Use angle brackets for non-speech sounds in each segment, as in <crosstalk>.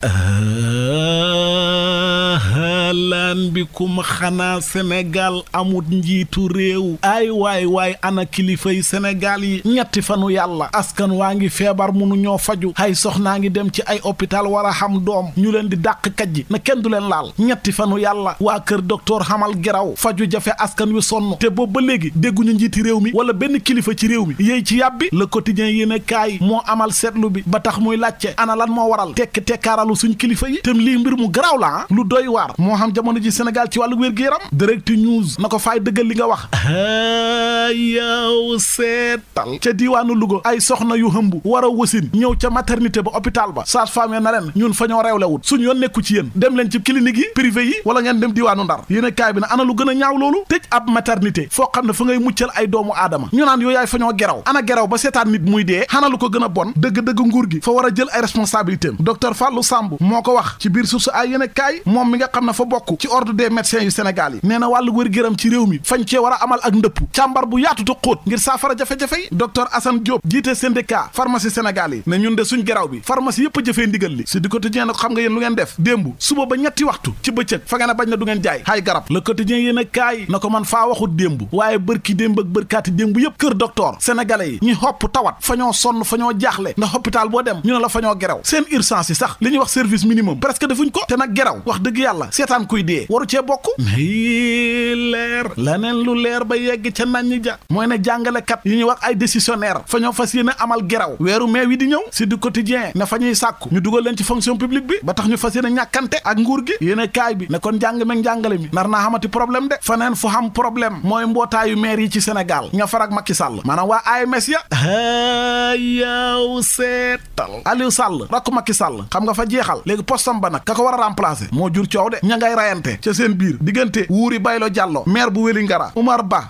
Uh... naan bikum xanaa Sénégal amut njiitu réew ay waay waay ana kilifa yi senegaal yi ñetti fanu yàlla askan waa ngi feebar munu ñoo faju hay soxnaa ngi dem ci ay hôpital war xam doom ñu leen di dàq kajji na kenn du leen laal ñetti fanu yàlla waa kër docteur xamal garaw faju jafe askan wi sonn te boobu ba léegi dégguñu njiiti réew mi wala benn kilifa ci réew mi yéy ci yàbbi le quotidien yi ne kaay moo amal seetlu bi ba tax muy laajte ana lan moo waral tekk tekkaaralu suñ kilifa yi tem mbir mu garaaw ah. jamono ji Sénégal ci wàllu wér-gu-yaram direct news na ko faay dëggal li nga wax yow seetal ca diiwaanu Louga ay soxna yu hëmb war a wasin ñëw ca maternité ba hôpital ba sage-femme ya na leen ñun fa ñoo reewlewut suñu yoon nekku ci yéen dem leen ci clinique yi privé yi wala ngeen dem diiwaanu Ndar yéen kaay bi na ana lu gën a ñaaw loolu tëj ab maternité foo xam ne fa ngay muccal ay doomu aadama ñu naan yooyu yaay fa geraw ana geraw ba seetaan nit muy dee xana lu ko gën a bon dëgg-dëgg nguur gi fa war a jël ay responsabilité docteur Fallou Samb moo ko wax ci biir xam fa bokk ci ordre des médecins yu Sénégal bu yaatu xóot ngir saafara jafe-jafe yi docteur Assane Diop jiite syndicat pharmacie Sénégal yi ne ñun de suñ garaaw bi pharmacie yëpp a jëfee ndigal li si di quotidien nag xam nga yéen lu ngeen def démb suba ba ñetti waxtu ci bëccëg fa ngeen a bañ na du ngeen jaay hay garab le quotidien yéen a kaay na ko man faa waxut démb waaye bërki démb bërkaati démb yëpp kër docteur sénégalais yi ñu xopp tawat fa sonn fa jaaxle ndax hôpital boo dem ñu la fa ja mooy ne jàngalekat yi ñuy wax ay décisionnaire fa ñoo fas yéene amal geraw weeru mai wi di ñëw si du quotidien ne fa ñuy sàkku ñu dugal leen ci fonction publique bi ba tax ñu fas yéene ñàkkante ak nguur gi yéene kaay bi ne kon njàng meeg njàngale mi nar naa xamati problème de faneen fu xam problème mooy mbootaayu maire yi ci Sénégal ña farak Macky Sall maanaam waa AMS ya ayaw seetal Aliou Sall rakku Macky Sall xam nga fa jeexal léegi postam ba nag ka ko war a moo jur coow de ña ngay rayante ca seen biir diggante wuuri baylo Ba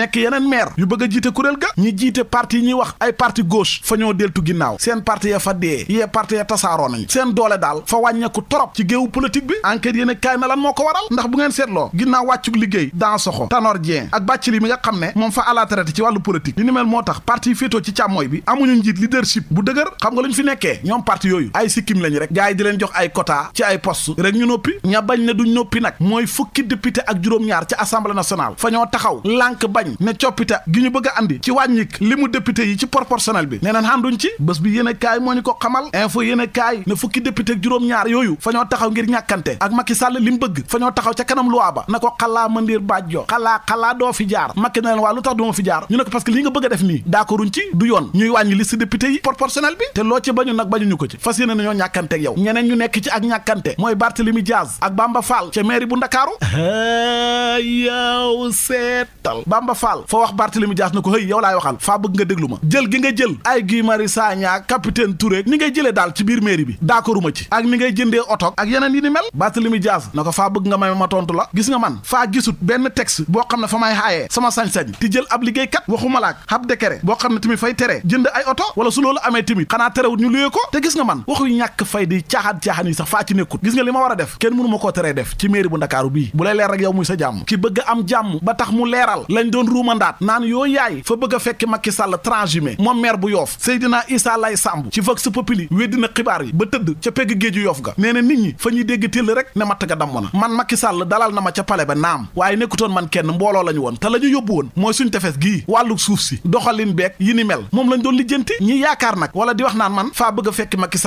nekk yeneen maire yu bëgg jiite kuréel ga ñi jiite parti yi ñuy wax ay parti gauche fa ñoo deltu ginnaaw seen parti ya fa dee yee parti ya tasaaroo nañ seen doole daal fa wàññeeku torop ci géewu politique bi enquête yéen kaay na lan moo ko waral ndax bu ngeen seetloo ginnaaw wàccug liggéey dans soxo Tanor Dieng ak Bathily mi nga xam ne moom fa à la ci wàllu politique li ni moo tax parti féetoo ci càmmooy bi amuñu njiit leadership bu dëgër xam nga fi nekkee ñoom parti yooyu ay sikkim lañ rek gars yi di leen jox ay quota ay poste rek noppi ña bañ ne duñ noppi nag mooy fukki député ak juróom-ñaar ci assemblée nationale fa taxaw lànk wàññi ne coppite gi ñu bëgg a andi ci wàññik li mu député yi ci proportionnel bi nee neen ànduñ ci bés bi yéene kaay moo ñu ko xamal info yéene kaay ne fukki député juróom-ñaar yooyu fa ñoo taxaw ngir ñàkkante ak Macky Sall li mu bëgg fa ñoo taxaw ca kanam luwaa ba na ko xalaa mandiir bàjjo xalaa xalaa doo fi jaar Macky na leen waa lu tax du ma fi jaar ñu ne ko parce nga bëgg a def nii d'accorduñ ci du yoon ñuy wàññi liste député yi proportionnel bi te loo ci bañu nag bañu ñu ko ci fas mooy Barthélemy Diaz ak Bamba Fall ca mairie bu <laughs> Bamba Fall fa wax Barthélemy Dias na ko hëy yow laay waxal faa bëgg nga déglu ma jël gi nga jël ay Guy Marius Sagna capitaine Touré ni ngay jëlee daal ci biir mairie bi d'accorduma ci ak ni ngay jëndee oto ak yeneen yi ni mel Barthélemy Dias na ko faa bëgg nga may ma tontu la gis nga man faa gisut benn texte boo xam ne fa may xaayee sama sañ-sañ ti jël ab liggéeykat waxuma laak ab décret boo xam ne tamit fay tere jënd ay oto wala su loolu amee tamit xanaa ko te gis nga man waxu ñàkk fay di caaxaan caaxaan yi sax faa li ma war a def kenn mënu ma koo teree def ci mairie bu Ndakaaru doon ruumandaat naan yoo yaay fa bëgg a fekk Macky Sall transhumé moom maire bu yoof Seydina Issa Lay Samb ci Vox Populi weddi na xibaar yi ba tëdd ca pegg géeju yoof ga nee na nit ñi fa ñuy dégg téll rek ne matt ga damm na man Macky Sall dalal na ma ca pale ba naam waaye nekkutoon man kenn mbooloo lañu woon te la yóbbu woon mooy suñ tefes gii wàllu suuf si doxalin beeg yi ni mel moom lañ doon lijjanti ñi yaakaar nag wala di naan man faa bëgg a fekk Macky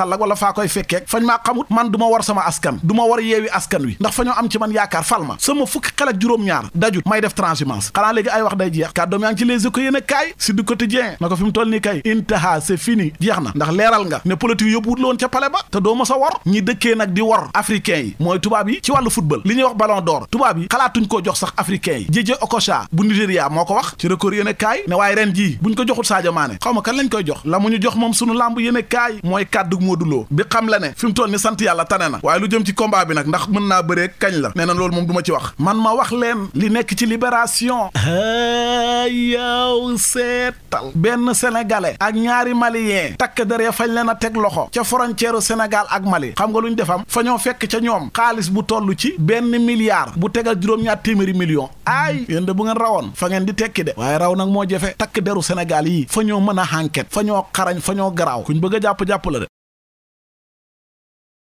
kaay wax day jeex kàddoom yaa ngi ci les échos yéen a kaay si du quotidien na ko fi mu toll kay intaha c'est fini jeex na ndax leeral nga ne politique yóbbu la woon ca pale ba te doo ma wor ñi dëkkee nag di wor africain yi mooy tubaab yi ci wàllu football li ñuy wax ballon d'or tubaab yi xalaatuñ koo jox sax africain yi Jay-Jay Okocha bu Nigéria moo ko wax ci record yéen a kaay ne waaye ren jii buñ ko joxul Sadio Mané xaw ma kan lañ koy jox la mu ñu jox a kaay mooy na waaye lu jëm la nee na loolu moom du ma ma wax leen li nekk ci yow seetal benn sénégalais ak ñaari malien takk der ya fañ leen a teg loxo ca frontière Sénégal ak Mali xam nga lu ñu defam fa ñoo fekk ca ñoom xaalis bu toll ci benn milliard bu tegal juróom-ñaar téeméeri million aay yéen de bu ngeen rawoon fa ngeen di tekki de waaye raw nag moo jafe takk deru Sénégal yi fa ñoo mën a enquête fa ñoo xarañ fa ñoo garaaw kuñ bëgg jàpp-jàpp la de